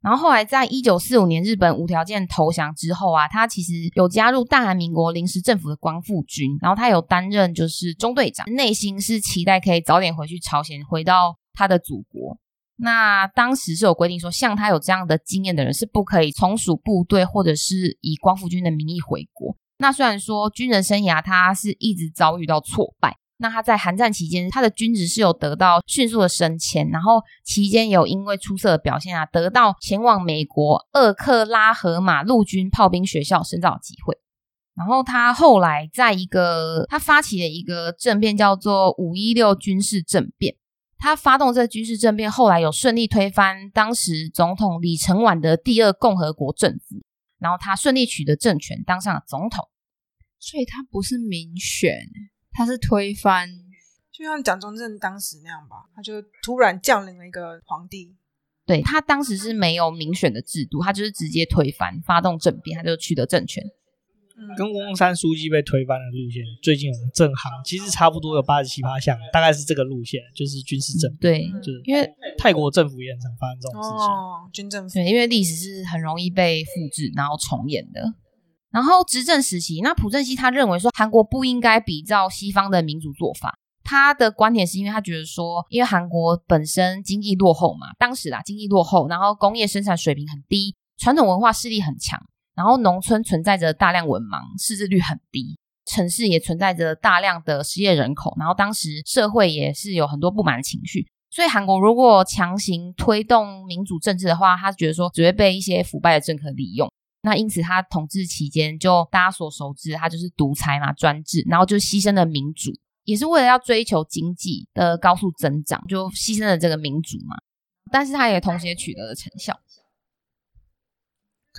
然後後來在一九四五年日本無條件投降之後啊，他其實有加入大韓民國臨時政府的光復軍，然後他有擔任就是中隊長，內心是期待可以早點回去朝鮮，回到他的祖國。那當時是有規定說，像他有這樣的經驗的人是不可以從屬部隊或者是以光復軍的名義回國。那雖然說軍人生涯他是一直遭遇到挫敗，那他在韓戰期間他的軍職是有得到迅速的升遷，然後期間有因為出色的表現啊，得到前往美國俄克拉荷馬陸軍炮兵學校深造的機會。然後他後來在一個他發起了一個政變，叫做五一六軍事政變。他發動這軍事政變，後來有順利推翻當時總統李承晚的第二共和國政府，然後他順利取得政權，當上了總統。所以他不是民選，他是推翻，就像蔣中正當時那樣吧，他就突然降臨了一個皇帝。對，他當時是沒有民選的制度，他就是直接推翻，發動政變，他就取得政權。跟翁山書記被推翻的路線，最近有正行，其實差不多有八十七八項，大概是這個路線，就是軍事政府、嗯。對，就是因為泰國政府也很常發生這種事情，哦、軍政府。對，因為歷史是很容易被複製，然後重演的。然後執政時期，那朴正熙他認為說，韓國不應該比照西方的民主做法。他的觀點是因為他覺得說，因為韓國本身經濟落後嘛，當時啦，經濟落後，然後工業生產水平很低，傳統文化勢力很強。然後農村存在着大量文盲，識字率很低；城市也存在着大量的失業人口。然後當時社會也是有很多不滿的情緒，所以韓國如果強行推動民主政治的話，他覺得說只會被一些腐敗的政客利用。那因此他統治期間就大家所熟知，他就是獨裁嘛，專制，然後就犧牲了民主，也是為了要追求經濟的高速增長，就犧牲了這個民主嘛。但是他也同時也取得了成效。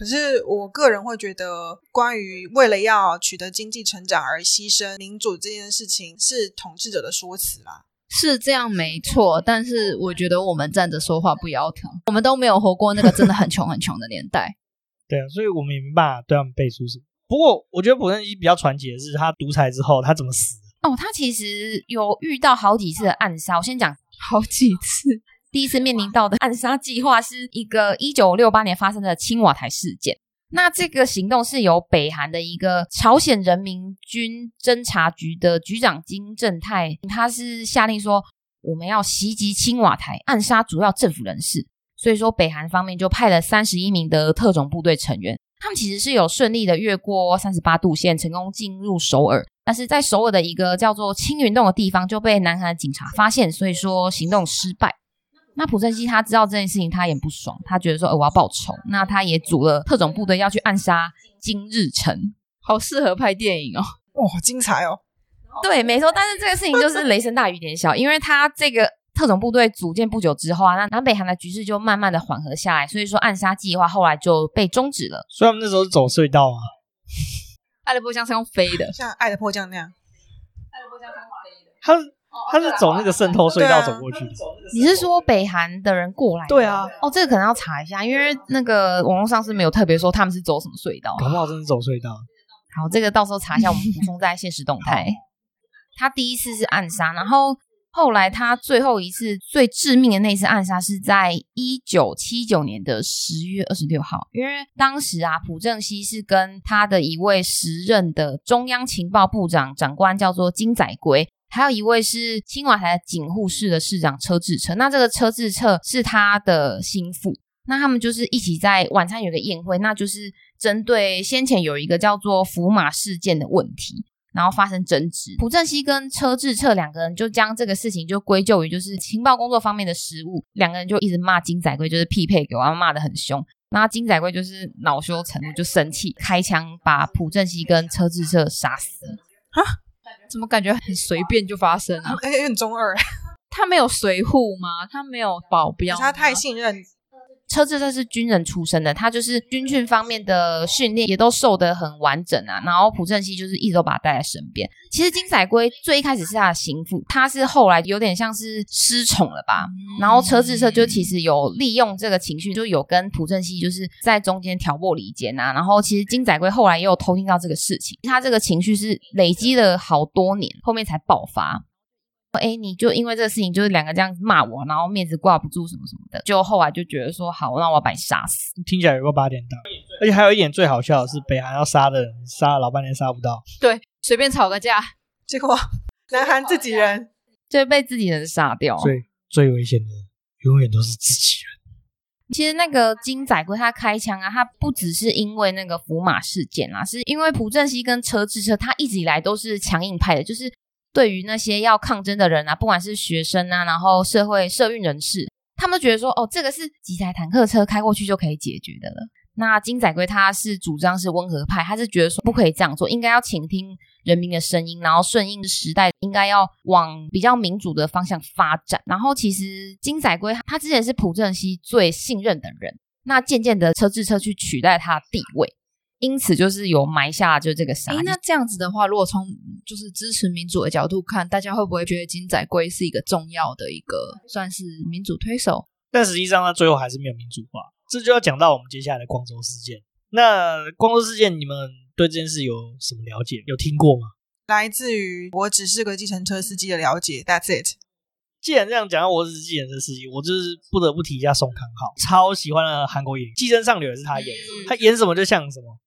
可是我個人會覺得，關於為了要取得經濟成長而犧牲民主這件事情，是統治者的說辭啦。是這樣，沒錯。但是我覺得我們站着說話不腰疼，我們都沒有活過那個真的很窮很窮的年代。 對啊，所以我們也沒辦法對他們背書是。不過我覺得朴正熙比較傳奇的是，他獨裁之後他怎麼死？哦，他其實有遇到好幾次的暗殺。我先講好幾次。 第一次面臨到的暗殺計劃是一個一九六八年發生的青瓦台事件。那這個行動是由北韓的一個朝鮮人民軍偵察局的局長金正泰，他是下令說我們要襲擊青瓦台，暗殺主要政府人士。所以說，北韓方面就派了三十一名的特種部隊成員，他們其實是有順利的越過三十八度線，成功進入首爾。但是在首爾的一個叫做青雲洞的地方就被南韓警察發現，所以說行動失敗。那朴正熙他知道這件事情，他也不爽，他覺得說我要報仇。那他也組了特種部隊要去暗殺金日成，好適合拍電影哦，哇、哦，好精彩哦！對，沒錯。但是這個事情就是雷聲大雨點小， 因為他這個特種部隊組建不久之後啊，那南北韓的局勢就慢慢的緩和下來，所以說暗殺計劃後來就被終止了。所以他們那時候是走隧道啊，愛的迫降，是用飛的，像愛的迫降那樣，愛的迫降是用飛的。他是走那個滲透隧道走過去的。哦。是是你是說北韓的人過來的？對啊，哦，oh, 這個可能要查一下，因為那個網絡上是沒有特別說他們是走什麼隧道。搞不好真是走隧道。好，這個到時候查一下，我們補充在現實動態。嗯、 他第一次是暗殺，然後後來他最後一次最致命的那次暗殺是在一九七九年的十月二十六號，因為當時啊，朴正熙是跟他的一位時任的中央情報部長長官叫做金載圭。還有一位是青瓦台的警護室的室長車智澈，那這個車智澈是他的心腹，那他們就是一起在晚餐有個宴會，那就是針對先前有一個叫做釜馬事件的問題，然後發生爭執，朴正熙跟車智澈兩個人就將這個事情就歸咎於就是情報工作方面的失誤，兩個人就一直罵金載圭，就是匹配給我，給阿罵的很兇，那金載圭就是惱羞成怒就生氣，開槍把朴正熙跟車智澈殺死了。啊怎麼感覺很隨便就發生了、啊？因為、哎、很中二、啊。他沒有隨扈嗎？他沒有保鏢？他太信任。車智澈是軍人出身的，他就是軍訓方面的訓練也都受得很完整啊。然後朴正熙，就是一直都把他帶在身邊。其實金載圭最一開始是他的心腹，他是後來有點像是失寵了吧。然後車智澈就其實有利用這個情緒，就有跟朴正熙就是在中間挑撥離間啊。然後其實金載圭後來也有偷聽到這個事情，他這個情緒是累積了好多年，後面才爆發。哎、欸，你就因為這個事情，就是兩個這樣子罵我，然後面子掛不住什麼什麼的，就後來就覺得說，好，那我要把你殺死。聽起來有過八點檔，而且還有一點最好笑的是，北韓要殺的人，殺了老半天殺不到。對，隨便吵個架，結果南韓自己人最就被自己人殺掉。最最危險的永遠都是自己人。其實那個金載圭他開槍啊，他不只是因為那個釜馬事件啊，是因為朴正熙跟車智澈，他一直以來都是強硬派的，就是。對於那些要抗爭的人啊，不管是學生啊，然後社會社運人士，他們都覺得說，哦，這個是幾台坦克車開過去就可以解決的了。那金載圭他是主張是溫和派，他是覺得說不可以這樣做，應該要傾聽人民的聲音，然後順應時代，應該要往比較民主的方向發展。然後其實金載圭他，他之前是朴正熙最信任的人，那漸漸的車智澈去取代他的地位。因此，就是有埋下了就這個殺、欸。那這樣子的話，如果從就是支持民主的角度看，大家會不會覺得金載圭是一個重要的一個算是民主推手？但實際上，他最後還是沒有民主化。這就要講到我們接下來的光州事件。那光州事件，你們對這件事有什麼了解？有聽過嗎？來自於我只是個計程車司機的了解。That's it。既然這樣講，我只是計程車司機，我就是不得不提一下宋康昊，超喜歡的韓國演員，寄生上流也是他演的，他演什麼就像什麼。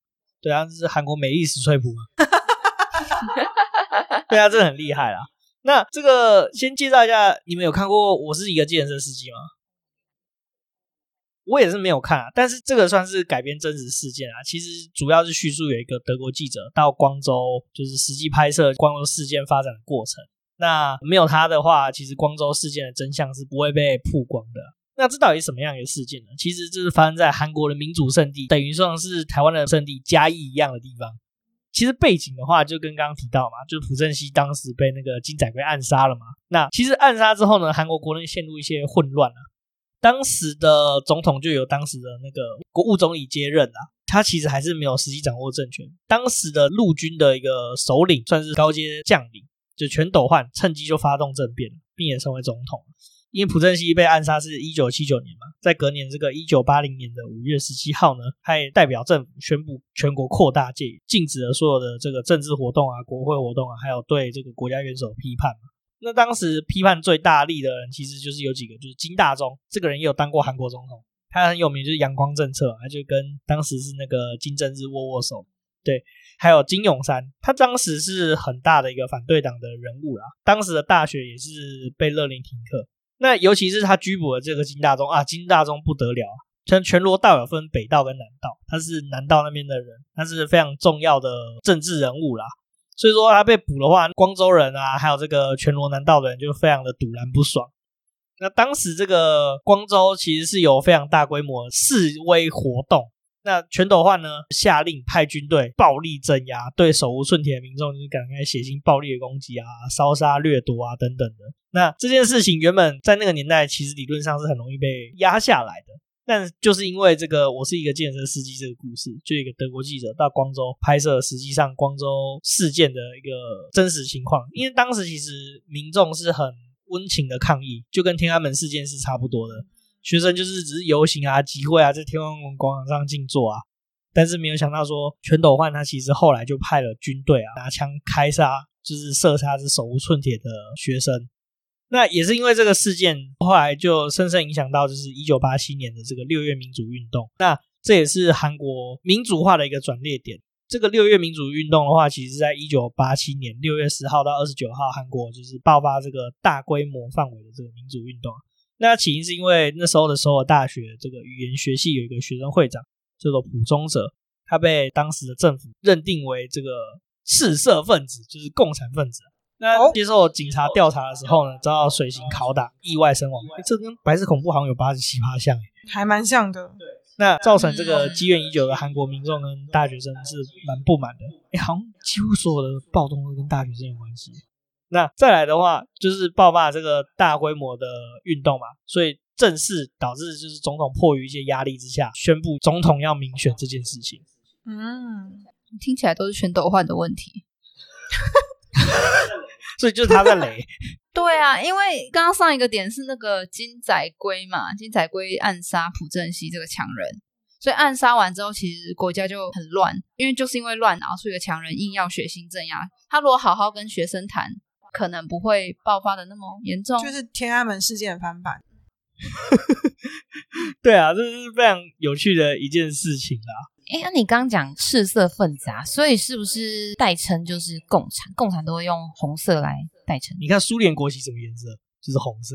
對啊，這是韓國美麗史翠普嘛？ 對啊，這很厲害啦。那這個先介紹一下，你們有看過《我是一個計程車司機》嗎？我也是沒有看，啊，但是這個算是改編真實事件啊。其實主要是敘述有一個德國記者到光州，就是實際拍攝光州事件發展的過程。那沒有他的話，其實光州事件的真相是不會被曝光的。那這到底是什麼樣的事件呢？其實就是發生在韓國的民主聖地，等於算是台灣的聖地嘉義一樣的地方。其實背景的話，就跟剛剛提到嘛，就是朴正熙當時被那個金載圭暗殺了嘛。那其實暗殺之後呢，韓國國內陷入一些混亂啊。當時的總統就由當時的那個國務總理接任啊，他其實還是沒有實際掌握政權。當時的陸軍的一個首領，算是高階將領，就全斗煥趁機就發動政變，並也成為總統。因為朴正熙被暗殺是一九七九年嘛，在隔年這個一九八零年的五月十七號呢，他也代表政府宣布全國擴大戒嚴，禁止了所有的這個政治活動啊、國會活動啊，還有對這個國家元首批判嘛。那當時批判最大力的人，其實就是有幾個，就是金大中這個人也有當過韓國總統，他很有名，就是陽光政策、啊，他就跟當時是那個金正日握握手。對，還有金泳三，他當時是很大的一個反對黨的人物啦。當時的大學也是被勒令停課。那尤其是他拘捕了這個金大中啊，金大中不得了啊。像全羅道有分北道跟南道，他是南道那邊的人，他是非常重要的政治人物啦。所以說他被捕的話，光州人啊，還有這個全羅南道的人就非常的堵然不爽。那當時這個光州其實是有非常大規模的示威活動。那全斗煥呢，下令派軍隊暴力鎮壓對手無寸鐵的民眾，就趕快血腥暴力的攻擊啊，燒殺掠奪啊等等的。那這件事情原本在那個年代，其實理論上是很容易被壓下來的，但就是因為這個“我是一個健身司機”這個故事，就一個德國記者到光州拍攝，實際上光州事件的一個真實情況。因為當時其實民眾是很溫情的抗議，就跟天安門事件是差不多的。學生就是只是游行啊、集會啊，在天安門廣場上靜坐啊，但是沒有想到說，全斗煥他其實後來就派了軍隊啊，拿槍開殺，就是射殺這手無寸鐵的學生。那也是因為這個事件，後來就深深影響到，就是一九八七年的這個六月民主運動。那這也是韓國民主化的一個轉捩點。這個六月民主運動的話，其實在一九八七年六月十號到二十九號，韓國就是爆發這個大規模範圍的這個民主運動。那起因是因為那時候的首爾大學這個語言學系有一個學生會長叫做朴鐘哲，他被當時的政府認定為這個赤色分子，就是共產分子。哦、那接受警察調查的時候呢，遭到水刑拷打，意外身亡。這跟白色恐怖好像有八十七趴像，還蠻像的。對，那造成這個積怨已久的韓國民眾跟大學生是蠻不滿的。誒、哎、好像幾乎所有的暴動都跟大學生有關係。那再來的話，就是爆發這個大規模的運動嘛，所以正式導致就是總統迫於一些壓力之下，宣布總統要民選這件事情。嗯，聽起來都是全斗煥的問題， 所以就是他在雷。 對啊，因為剛剛上一個點是那個金載圭嘛，金載圭暗殺朴正熙這個強人，所以暗殺完之後，其實國家就很亂，因為就是因為亂，然後出一個強人硬要血腥鎮壓。他如果好好跟學生談，可能不會爆發的那麼嚴重，就是天安門事件翻版。 對啊，這是非常有趣的一件事情啊！哎、欸，那你剛講赤色分子啊，所以是不是代稱就是共產？共產都會用紅色來代稱。你看蘇聯國旗什麼顏色？就是紅色。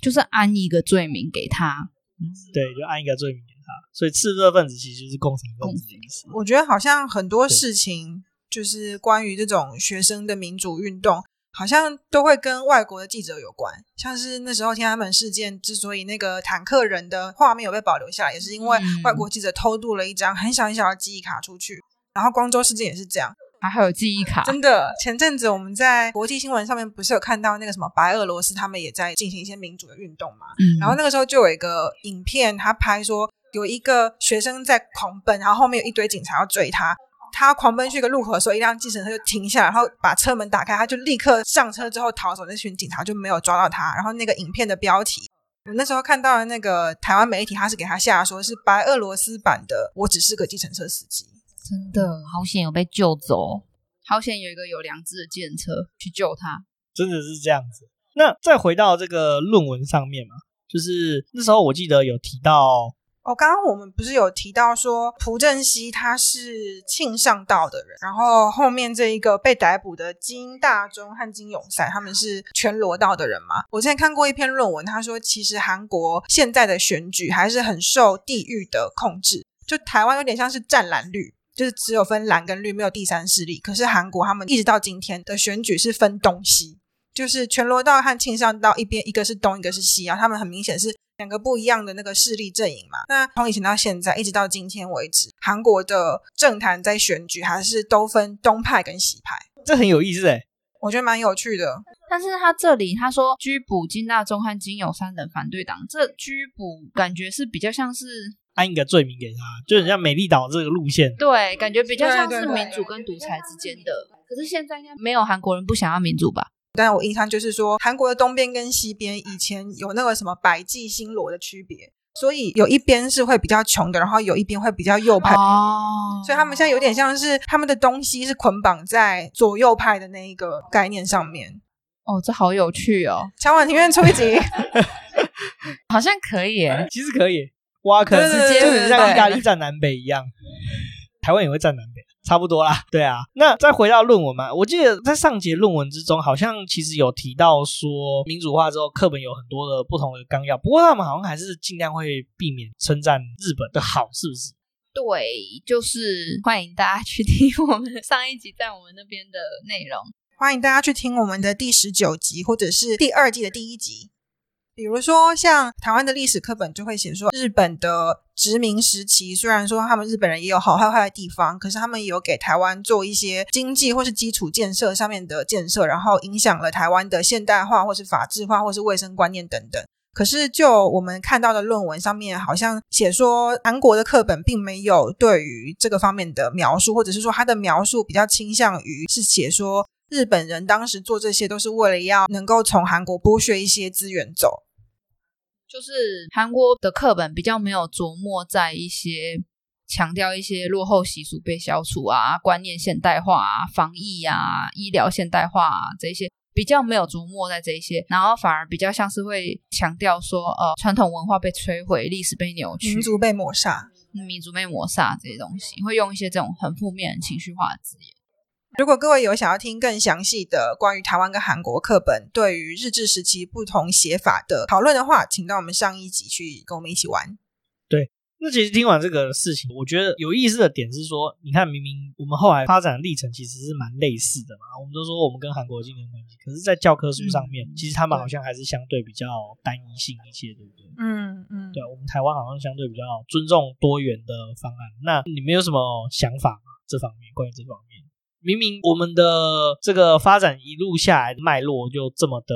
就是安一個罪名給他，嗎對，就安一個罪名給他。所以赤色分子其實就是共產分子的意思。嗯、我覺得好像很多事情對就是關於這種學生的民主運動。好像都會跟外國的記者有關，像是那時候天安門事件之所以那個坦克人的畫面有被保留下來，也是因為外國記者偷渡了一張很小很小的記憶卡出去。然後光州事件也是這樣，還還有記憶卡，嗯，真的。前陣子我們在國際新聞上面不是有看到那個什麼白俄羅斯他們也在進行一些民主的運動嘛？嗯，然後那個時候就有一個影片，他拍說有一個學生在狂奔，然後後面有一堆警察要追他。他狂奔去個路口的時候，一輛計程車就停下來，然後把車門打開，他就立刻上車之後逃走。那群警察就沒有抓到他。然後那個影片的標題，我那時候看到那個台灣媒體，他是給他下說是白俄羅斯版的“我只是個計程車司機”。真的好險，有被救走，好險有一個有良知的計程車去救他。真的是這樣子。那再回到這個論文上面嘛，就是那時候我記得有提到。哦，剛剛我們不是有提到說朴正熙他是慶尚道的人，然後後面這一個被逮捕的金大中和金泳三他們是全羅道的人嗎？我之前看過一篇論文，他說其實韓國現在的選舉還是很受地域的控制，就台灣有點像是戰藍綠，就是只有分藍跟綠，沒有第三勢力。可是韓國他們一直到今天的選舉是分東西，就是全羅道和慶尚道一邊一個是東，一個是西啊，然後他們很明顯是兩個不一樣的那個勢力陣營嘛，那從以前到現在，一直到今天為止，韓國的政壇在選舉還是都分東派跟西派，這很有意思哎，我覺得蠻有趣的。但是他這裡他說拘捕金大中和金泳三等反對黨，這拘捕感覺是比較像是安一個罪名給他，就很像美麗島這個路線，嗯、對，感覺比較像是民主跟獨裁之間的。對對對，可是現在應該沒有韓國人不想要民主吧？當然，但我印象就是說，韓國的東邊跟西邊以前有那個什麼百濟新羅的區別，所以有一邊是會比較窮的，然後有一邊會比較右派的，哦、所以他們現在有點像是他們的東西是捆綁在左右派的那一個概念上面。哦，這好有趣哦！想往庭院出一集， 好像可以，其實可以，哇，是，可是直接就是像意大利戰南北一樣，了台灣也會戰南北。差不多啦，對啊。那再回到論文嘛，我記得在上節論文之中，好像其實有提到說民主化之後課本有很多的不同的綱要，不過他們好像還是盡量會避免稱讚日本的好，是不是？對，就是歡迎大家去聽我們上一集在我們那邊的內容，歡迎大家去聽我們的第十九集或者是第二季的第一集。比如說，像台灣的歷史課本就會寫說，日本的殖民時期雖然說他們日本人也有好壞壞的地方，可是他們也有給台灣做一些經濟或是基礎建設上面的建設，然後影響了台灣的現代化或是法制化或是衛生觀念等等。可是就我們看到的論文上面，好像寫說韓國的課本並沒有對於這個方面的描述，或者是說他的描述比較傾向於是寫說，日本人當時做這些都是為了要能夠從韓國剝削一些資源走，就是韓國的課本比較沒有琢磨在一些強調一些落後習俗被消除啊，觀念現代化啊，防疫啊，醫療現代化啊，這些比較沒有琢磨在這些，然後反而比較像是會強調說呃，傳統文化被摧毀，歷史被扭曲，民族被抹殺，民族被抹殺這些東西，會用一些這種很負面的情緒化的字眼。如果各位有想要聽更詳細的關於台灣跟韓國課本對於日治時期不同寫法的討論的話，請到我們上一集去跟我們一起玩。對，那其實聽完這個事情，我覺得有意思的點是說，你看，明明我們後來發展歷程其實是蠻類似的嘛，我們都說我們跟韓國競爭關係，可是在教科書上面，嗯、其實他們好像還是相對比較單一性一些，對不對？嗯嗯，嗯對，我們台灣好像相對比較尊重多元的方案。那你們有什麼想法嗎？這方面，關於這方面？明明我們的這個發展一路下來脈絡就這麼的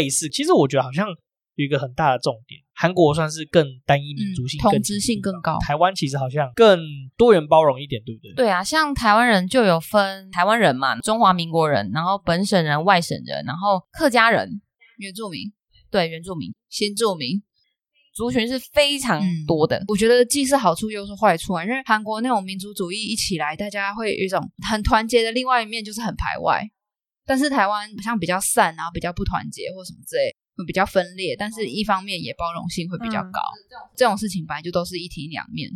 類似，其實我覺得好像有一個很大的重點，韓國算是更單一民族性，統治、嗯、性更高，台灣其實好像更多元包容一點，對不對？對啊，像台灣人就有分台灣人嘛，中華民國人，然後本省人、外省人，然後客家人、原住民，對，原住民、新住民。族群是非常多的，嗯、我覺得既是好處又是壞處，啊，因為韓國那種民族主義一起來，大家會有一種很團結的，另外一面就是很排外。但是台灣好像比較散啊，比較不團結或什麼之類，會比較分裂。但是一方面也包容性會比較高。嗯、這種事情本來就都是一體兩面。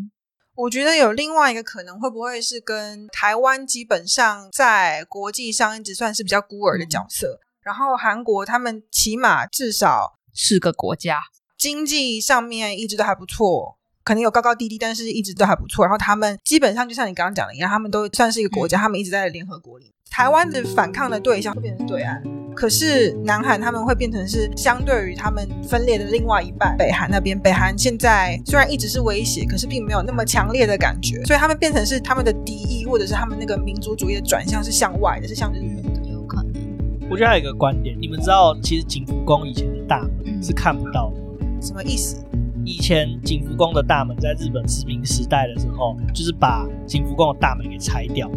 我覺得有另外一個可能，會不會是跟台灣基本上在國際上一直算是比較孤兒的角色，嗯、然後韓國他們起碼至少是個國家。經濟上面一直都還不錯，可能有高高低低，但是一直都還不錯。然後他們基本上就像你剛剛講的一樣，他們都算是一個國家，嗯、他們一直在聯合國裡。台灣的反抗的對象會變成對岸，可是南韓他們會變成是相對於他們分裂的另外一半，北韓那邊。北韓現在雖然一直是威脅，可是並沒有那麼強烈的感覺，所以他們變成是他們的敵意，或者是他們那個民族主義的轉向是向外的，是向日本的。有可能。我覺得還有一個觀點，你們知道，其實景福宮以前的大、嗯、是看不到的。什麼意思？以前景福宮的大門在日本殖民時代的時候，就是把景福宮的大門給拆掉，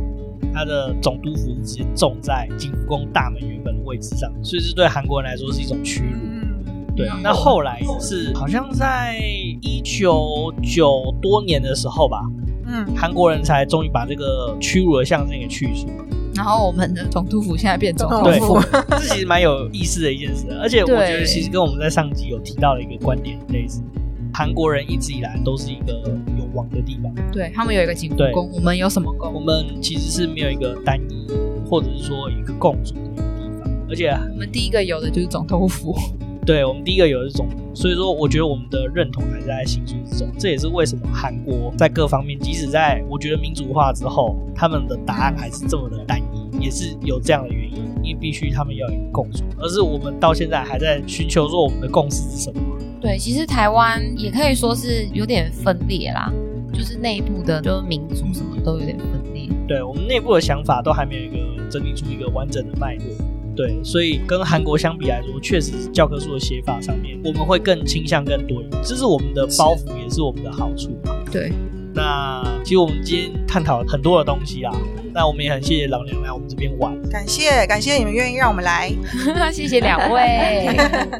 它的總督府直接種在景福宮大門原本的位置上，所以這對韓國人來說是一種屈辱。嗯、對啊，嗯、那後來是、嗯、好像在一九九多年的時候吧，嗯，韓國人才終於把這個屈辱的象徵給去除了。然後我們的總督府現在變總統府，對 這其實蠻有意思的一件事。而且我覺得其實跟我們在上集有提到的一個觀點對類似，韓國人一直以來都是一個有王的地方，對他們有一個景福宮，對我們有什麼宮？我們其實是沒有一個單一或者是說一個共主的地方，而且我、啊、們第一個有的就是總統府。對，我們第一個有一種，所以說我覺得我們的認同還是在形塑之中，這也是為什麼韓國在各方面，即使在我覺得民主化之後，他們的答案還是這麼的單一，也是有這樣的原因，因為必須他們要有一個共識，而是我們到現在還在尋求說我們的共識是什麼？對，其實台灣也可以說是有點分裂啦，就是內部的，就是民族什麼都有點分裂。對，我們內部的想法都還沒有一個整理出一個完整的脈絡。對，所以跟韓國相比來說，確實教科書的寫法上面，我們會更傾向更多，這是我們的包袱，也是我們的好處。對是，那其實我們今天探討了很多的東西啊，那、嗯、我們也很謝謝老娘來我們這邊玩，感謝感謝你們願意讓我們來， 謝謝兩位。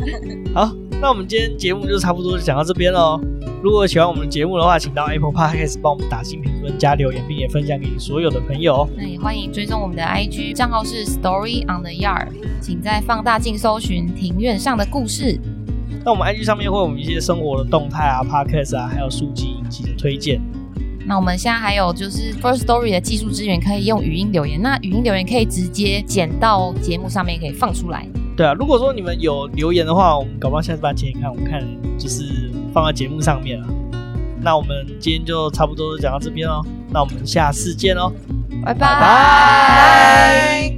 好，那我們今天節目就差不多就講到這邊嘍。如果喜歡我們的節目的話，請到 Apple Podcast 幫我們打新評論、加留言，並也分享給所有的朋友。那也歡迎追蹤我們的 IG 賬號是 Story on the Yard，請在放大鏡搜尋“庭院上的故事”。那我們 IG 上面會有我們一些生活的動態啊、Podcast 啊，還有書籍以及推薦。那我們現在還有就是 Firstory 的技術支援，可以用語音留言。那語音留言可以直接剪到節目上面，可以放出來。對啊，如果說你們有留言的話，我們搞不好下次把它剪一看，我們看就是。放在節目上面了，那我們今天就差不多講到這邊嘍，那我們下次見嘍，拜拜。